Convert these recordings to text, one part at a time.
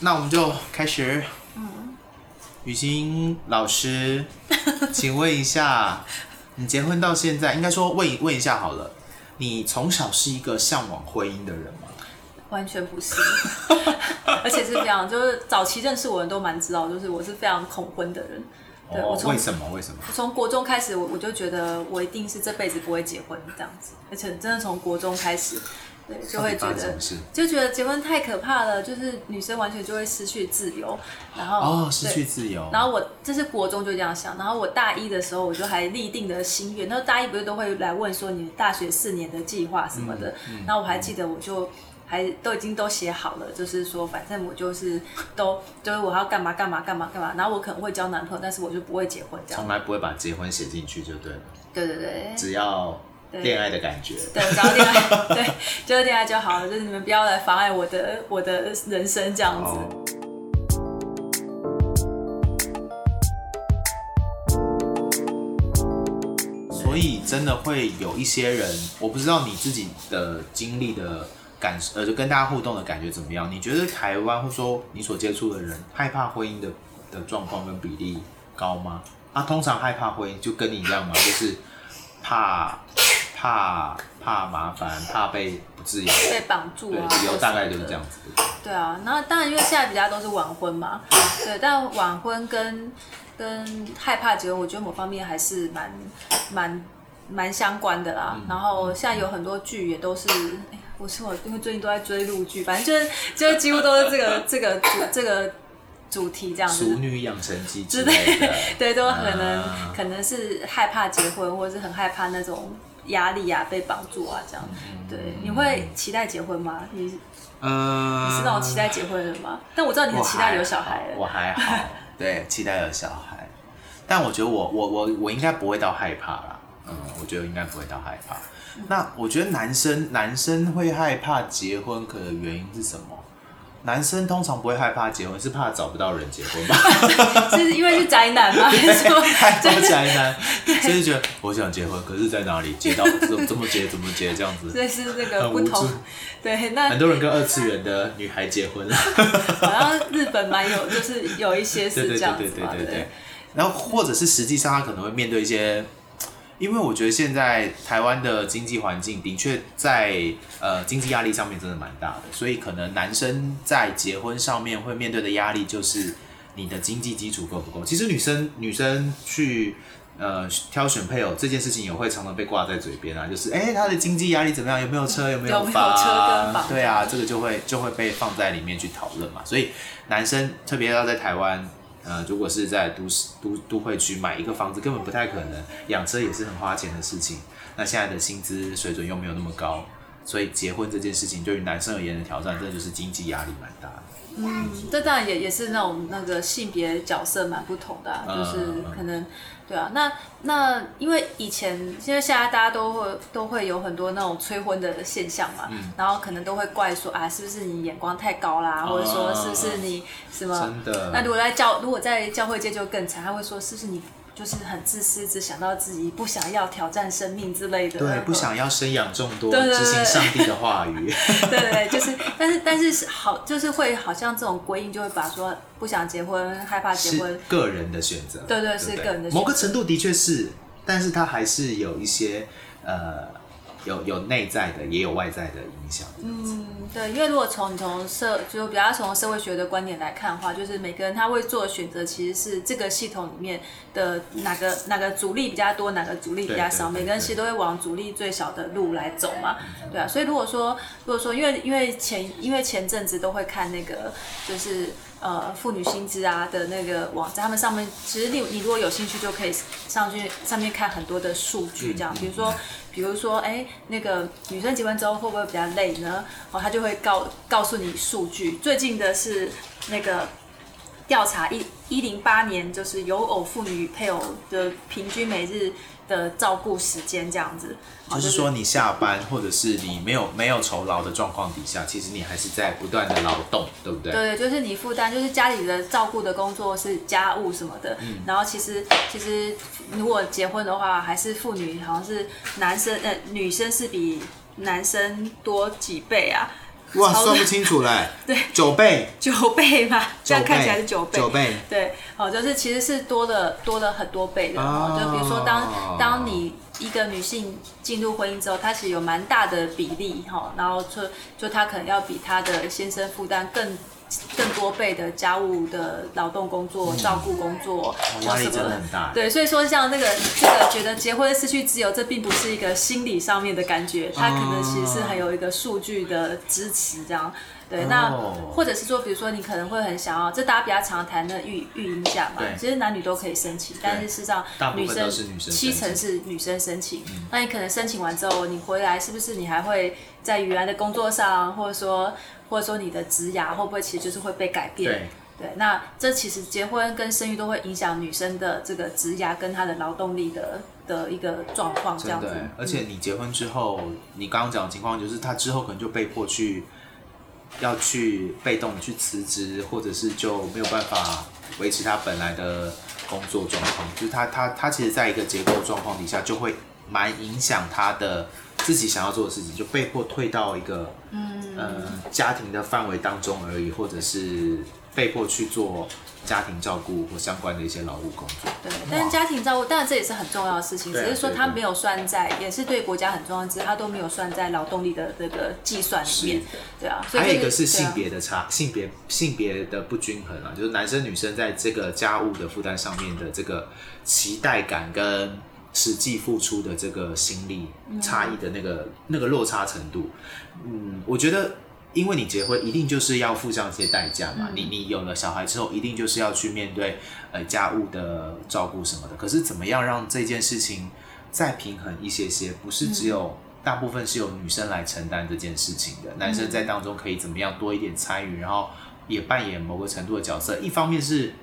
那我們就開始。嗯，宇欣老師，請問一下， 你結婚到現在，應該說問問一下好了，你從小是一個向往婚姻的人嗎？完全不是， 而且是這樣，就是早期認識我的人都蠻知道，就是我是非常恐婚的人。哦，對，我從，為什為什麼？為什麼？從國中開始我，我我就覺得我一定是這輩子不會結婚這樣子，而且真的從國中開始。對，就會覺得就覺得結婚太可怕了，就是女生完全就會失去自由，然後哦失去自由。然後我這是國中就這樣想，然後我大一的時候我就還立定的心願，那大一不是都會來問說你大學四年的計劃什麼的，嗯嗯、然後我還記得我就還都已經都寫好了，嗯、就是說反正我就是都就是我還要幹嘛幹嘛幹嘛幹嘛，然後我可能會交男朋友，但是我就不會結婚這樣，從來不會把結婚寫進去就對了，對對對，只要。對戀愛的感覺，對，然後戀愛，對， 就是戀愛就好了，就是你們不要來妨礙我的我的人生這樣子。Oh. 對所以真的會有一些人，我不知道你自己的經歷的感受，呃，就跟大家互動的感覺怎麼樣？你覺得台灣，或說你所接觸的人害怕婚姻的的狀況跟比例高嗎？啊，通常害怕婚姻就跟你一樣嘛，就是怕。怕怕麻煩，怕被不自由，被綁住啊，理由大概就是這樣子這樣。對啊，然後當然因為現在比較都是晚婚嘛，對，但晚婚跟跟害怕結婚，我覺得某方面還是蠻蠻蠻相關的啦。嗯、然後現在有很多劇也都是，不是我，因為最近都在追陸劇，反正就是就幾乎都是這個 這個主這個主題這樣子，熟女養成記之類的對，都可能，啊、可能是害怕結婚，或者是很害怕那種。壓力啊，被綁住啊，這樣子。對，你會期待結婚嗎？嗯、你，呃，你是那種期待結婚的人嗎？呃、但我知道你是期待有小孩我。我還好， 對，期待有小孩。但我覺得我我我我應該不會到害怕啦。嗯，我覺得我應該不會到害怕。嗯、那我覺得男生男生會害怕結婚，可能原因是什麼？男生通常不會害怕結婚，是怕找不到人結婚嗎？ 是因為是宅男嘛，什麼對宅男？對就是覺得我想結婚，對可是在哪裡結到？怎麼怎麼結？怎麼結？這樣子。對，是這是那個很不同。很無趣。對，那，對那很多人跟二次元的女孩結婚了，好像 日本蠻有，就是有一些是這樣子。對對對對對對，對。然後，或者是實際上他可能會面對一些。因為我覺得現在台灣的經濟環境的確在呃經濟壓力上面真的蠻大的，所以可能男生在結婚上面會面對的壓力就是你的經濟基礎夠不夠。其實女生女生去呃挑選配偶這件事情也會常常被掛在嘴邊啊，就是哎他的經濟壓力怎麼樣，有沒有車有沒有房？有沒有車對啊，這個就會就會被放在裡面去討論嘛。所以男生特別要在台灣。呃，如果是在都市都都會區買一個房子，根本不太可能。養車也是很花錢的事情，那現在的薪資水準又沒有那麼高，所以結婚這件事情對於男生而言的挑戰，真的就是經濟壓力蠻大的。嗯，這當然也也是那種那個性別角色蠻不同的、啊，嗯、就是可能，對啊，那那因為以前，現在現在大家都會都會有很多那種催婚的現象嘛，嗯、然後可能都會怪說啊，是不是你眼光太高啦、啊，嗯、或者說是不是你什麼，真的。那如果在教，如果在教會界就更慘，他會說是不是你？就是很自私，只想到自己，不想要挑戰生命之類的。對，後不想要生養眾多，執行上帝的話語。 對，對對，就是，但是但是好，就是會好像這種歸因，就會把說不想結婚、害怕結婚，是個人的選擇。對，對對，是個人的選擇。對對對，某個程度的確是，但是他還是有一些呃。有有內在的，也有外在的影響。嗯，對，因為如果從你從社，就比較從社會學的觀點來看的話，就是每個人他會做的選擇，其實是這個系統裡面的哪個哪個阻力比較多，哪個阻力比較少，每個人其實都會往阻力最小的路來走嘛。對，對，對，對啊，所以如果說如果說因，因為因為前因為前陣子都會看那個就是。呃，婦女薪資啊的那個網站，他們上面其實你你如果有興趣，就可以上去上面看很多的數據，這樣，比如說比如說，哎、欸，那個女生結婚之後會不會比較累呢？哦，他就會告告訴你數據，最近的是那個。調查一一零八年，就是有偶婦女配偶的平均每日的照顧時間這樣子，就是說你下班，或者是你沒有沒有酬勞的狀況底下，其實你還是在不斷的勞動，對不對？對，就是你負擔，就是家裡的照顧的工作是家務什麼的。嗯，然後其實其實如果結婚的話，還是婦女好像是男生呃女生是比男生多幾倍啊。哇，算不清楚嘞， 對，九倍，九倍嘛，倍這樣看起來是九倍，九倍，對，哦，就是其實是多了多了很多倍的。哦，就比如說當當你一個女性進入婚姻之後，她其實有蠻大的比例哈，然後就就她可能要比她的先生負擔更更多倍的家務的勞動工作、照顧工作，壓、嗯啊、力真的很大。對，所以說像那個這個覺得結婚失去自由，這並不是一個心理上面的感覺，他可能其實是還有一個數據的支持這樣。對，那、oh. 或者是說，比如說你可能會很想要，這大家比較常談的育育嬰假嘛。對其實男女都可以申請，對但是事實上女生，大部分都是女生。七成是女生申請。嗯、那你可能申請完之後，你回來是不是你還會在原來的工作上，或者說或者說你的職涯會不會其實就是會被改變？對，對。那這其實結婚跟生育都會影響女生的這個職涯跟她的勞動力的的一個狀況。真的這樣子，而且你結婚之後，嗯、你剛剛講的情況就是，她之後可能就被迫去。要去被動去辭職，或者是就沒有辦法維持他本來的工作狀況，就是他他他其實在一個結構狀況底下，就會蠻影響他的自己想要做的事情，就被迫退到一個嗯、呃、家庭的範圍當中而已，或者是。被迫去做家庭照顧或相關的一些勞務工作。對，但是家庭照顧哇當然這也是很重要的事情，只是說他沒有算在，對啊、對對也是對國家很重要的，只是他都沒有算在勞動力的這個計算裡面。是對啊，所以就是、還有一個是性別的差，啊、性別性別的不均衡啊，就是男生女生在這個家務的負擔上面的這個期待感跟實際付出的這個心力差異的那個、嗯、那個落差程度，嗯，我覺得。因為你結婚一定就是要付上一些代價嘛，嗯、你你有了小孩之後，一定就是要去面對呃家務的照顧什麼的。可是怎麼樣讓這件事情再平衡一些些？不是只有、嗯、大部分是由女生來承擔這件事情的，嗯、男生在當中可以怎麼樣多一點參與，然後也扮演某個程度的角色。一方面是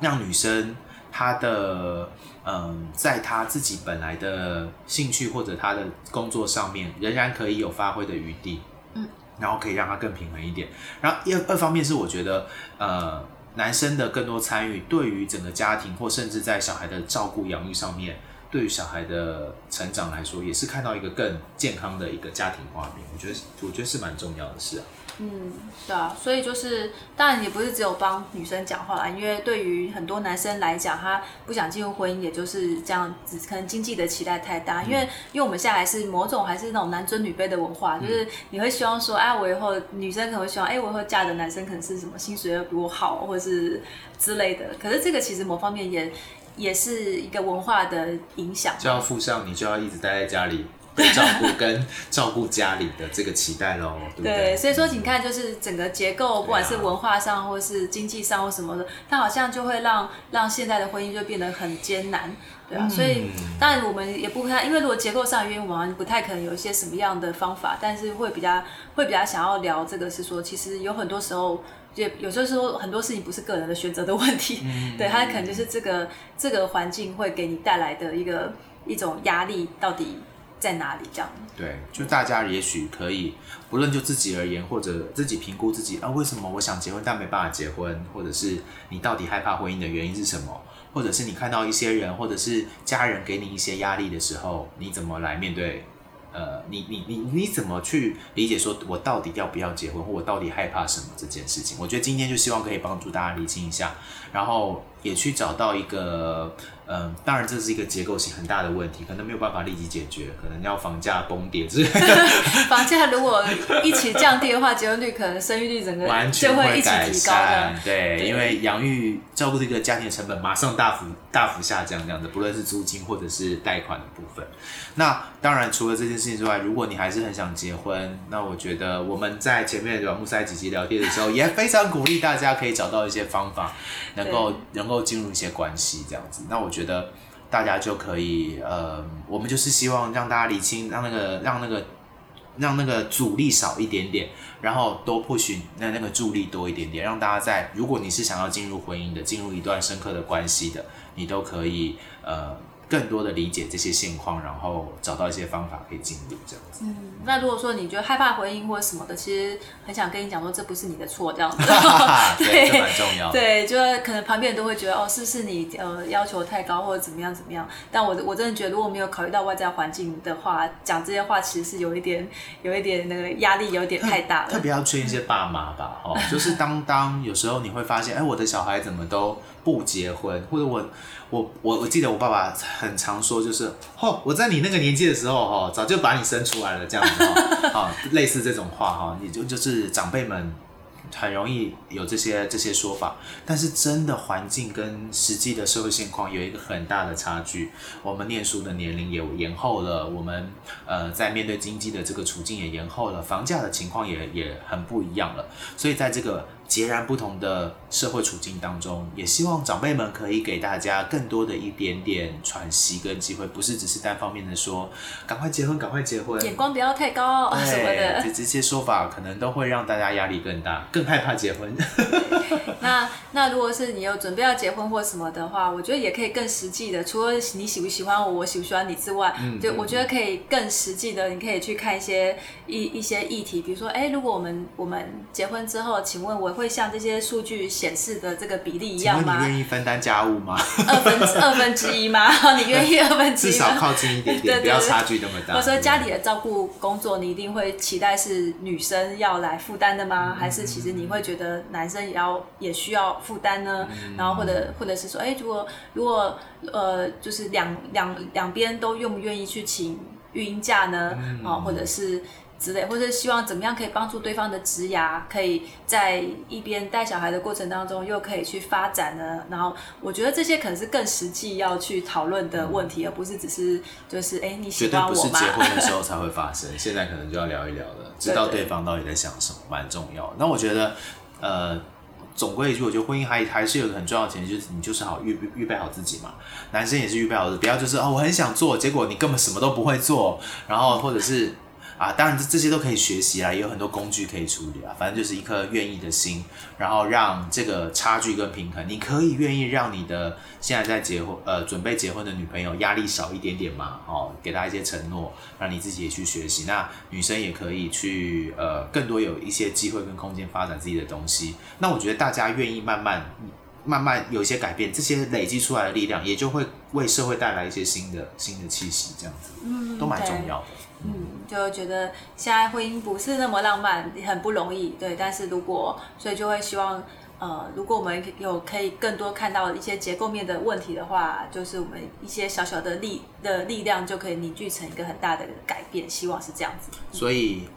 讓女生她的嗯、呃，在她自己本來的興趣或者她的工作上面，仍然可以有發揮的餘地，嗯。然後可以讓它更平衡一點。然後第二二方面是，我覺得，呃，男生的更多參與，對於整個家庭或甚至在小孩的照顧、養育上面，對於小孩的成長來說，也是看到一個更健康的一個家庭畫面。我覺得，我覺得是蠻重要的事啊。嗯，對啊，所以就是當然也不是只有幫女生講話啦，因為對於很多男生來講，他不想進入婚姻，也就是這樣子，可能經濟的期待太大。嗯、因為因為我們現在還是某種還是那種男尊女卑的文化，就是你會希望說，哎、啊，我以後女生可能會希望，哎，我以後嫁的男生可能是什麼薪水會比我好，或者是之類的。可是這個其實某方面也也是一個文化的影響。嫁富少，你就要一直待在家裡。被照顧跟照顧家裡的這個期待嘍，對不對？對，所以說你看，就是整個結構，不管是文化上，或是經濟上，或什麼的，它好像就會讓讓現在的婚姻就變得很艱難，對啊。嗯、所以當然我們也不會，因為如果結構上，因為我們好像不太可能有一些什麼樣的方法，但是會比較，會比較想要聊這個是說，其實有很多時候，也有些時候說很多事情不是個人的選擇的問題，嗯、對，它可能就是這個這個環境會給你帶來的一個一種壓力，到底在哪裡？這樣，對，就大家也許可以，不論就自己而言，或者自己評估自己啊，為什麼我想結婚但沒辦法結婚，或者是你到底害怕婚姻的原因是什麼，或者是你看到一些人，或者是家人給你一些壓力的時候，你怎麼來面對？呃，你你你你怎麼去理解說，我到底要不要結婚，或我到底害怕什麼這件事情？我覺得今天就希望可以幫助大家理清一下，然後也去找到一個。嗯，當然這是一個結構性很大的問題，可能沒有辦法立即解決，可能要房價崩跌。 房價如果一起降低的話， 結婚率可能生育率整個就會一起提高。對，對，因為養育照顧這個家庭的成本馬上大幅大幅下降，這樣子，不論是租金或者是貸款的部分。那當然除了這件事情之外，如果你還是很想結婚，那我覺得我們在前面的軟木塞幾集聊天的時候，也非常鼓勵大家可以找到一些方法，能夠對能夠進入一些關係這樣子。那我覺得。覺得大家就可以，呃，我們就是希望讓大家理清，讓那個讓那個讓那個阻力少一點點，然後多 push 那，那個助力多一點點，讓大家在如果你是想要進入婚姻的，進入一段深刻的關係的，你都可以，呃。更多的理解這些現況，然後找到一些方法可以進步這樣子。嗯，那如果說你覺得害怕回應或者什麼的，其實很想跟你講說，這不是你的錯這樣子。 對，對，這蠻重要。對，就可能旁邊人都會覺得哦，是不是你呃要求太高或者怎麼樣怎麼樣。但我我真的覺得，如果沒有考慮到外在環境的話，講這些話其實是有一點有一點那個壓力，有一點太大了。 特別要勸一些爸媽吧， 哦，就是當當有時候你會發現，哎，我的小孩怎麼都。不結婚，或者我，我我我記得我爸爸很常說，就是哈、哦，我在你那個年紀的時候、哦，哈，早就把你生出來了，這樣子、哦 哦，類似這種話、哦，哈，你就就是長輩們很容易有這些這些說法，但是真的環境跟實際的社會現況有一個很大的差距，我們念書的年齡也延後了，我們呃在面對經濟的這個處境也延後了，房價的情況也也很不一樣了，所以在這個。截然不同的社會處境當中，也希望長輩們可以給大家更多的一點點喘息跟機會，不是只是單方面的說趕快結婚，趕快結婚，眼光不要太高對什麼的，這這些說法可能都會讓大家壓力更大，更害怕結婚。那那如果是你有準備要結婚或什麼的話，我覺得也可以更實際的，除了你喜不喜歡我，我喜不喜歡你之外，嗯，就我覺得可以更實際的，你可以去看一些一一些議題，比如說，哎，如果我們我們結婚之後，請問我會。會像這些數據顯示的這個比例一樣嗎？你願意分擔家務嗎？ 二分之二分之一嗎？ 你願意二分之一嗎？至少靠近一點點， 對對對，不要差距那麼大。我說家裡的照顧工作，對你一定會期待是女生要來負擔的嗎？嗯、還是其實你會覺得男生也要也需要負擔呢？嗯、然後或者或者是說，哎，如果如果呃，就是兩兩兩邊都願不願意去請？運營價呢？啊、嗯，或者是之類，或者希望怎麼樣可以幫助對方的職涯，可以在一邊帶小孩的過程當中，又可以去發展呢？然後我覺得這些可能是更實際要去討論的問題，嗯、而不是只是就是哎、欸，你喜歡我嗎？絕對不是結婚的時候才會發生， 現在可能就要聊一聊了，知道對方到底在想什麼，蠻重要。那我覺得，呃。總歸一句，我覺得婚姻還還是有個很重要的前提，就是你就是好預備預備好自己嘛。男生也是預備好自己，不要就是哦，我很想做，結果你根本什麼都不會做，然後或者是。啊，當然這些都可以學習啊，也有很多工具可以處理啊。反正就是一顆願意的心，然後讓這個差距跟平衡，你可以願意讓你的現在在結婚呃，準備結婚的女朋友壓力少一點點嘛，哦，給她一些承諾，讓你自己也去學習。那女生也可以去呃，更多有一些機會跟空間發展自己的東西。那我覺得大家願意慢慢慢慢有一些改變，這些累積出來的力量也就會為社會帶來一些新的新的氣息，這樣子，嗯，都蠻重要的。嗯嗯，就覺得現在婚姻不是那麼浪漫，也很不容易。對，但是如果所以就會希望，呃，如果我們有可以更多看到一些結構面的問題的話，就是我們一些小小的力的力量就可以凝聚成一個很大的改變。希望是這樣子。嗯。所以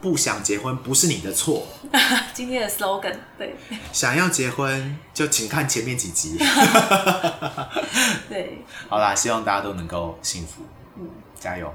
不想結婚不是你的錯。 今天的 slogan，對。想要結婚就請看前面幾集。 對。好啦，希望大家都能夠幸福。嗯，加油。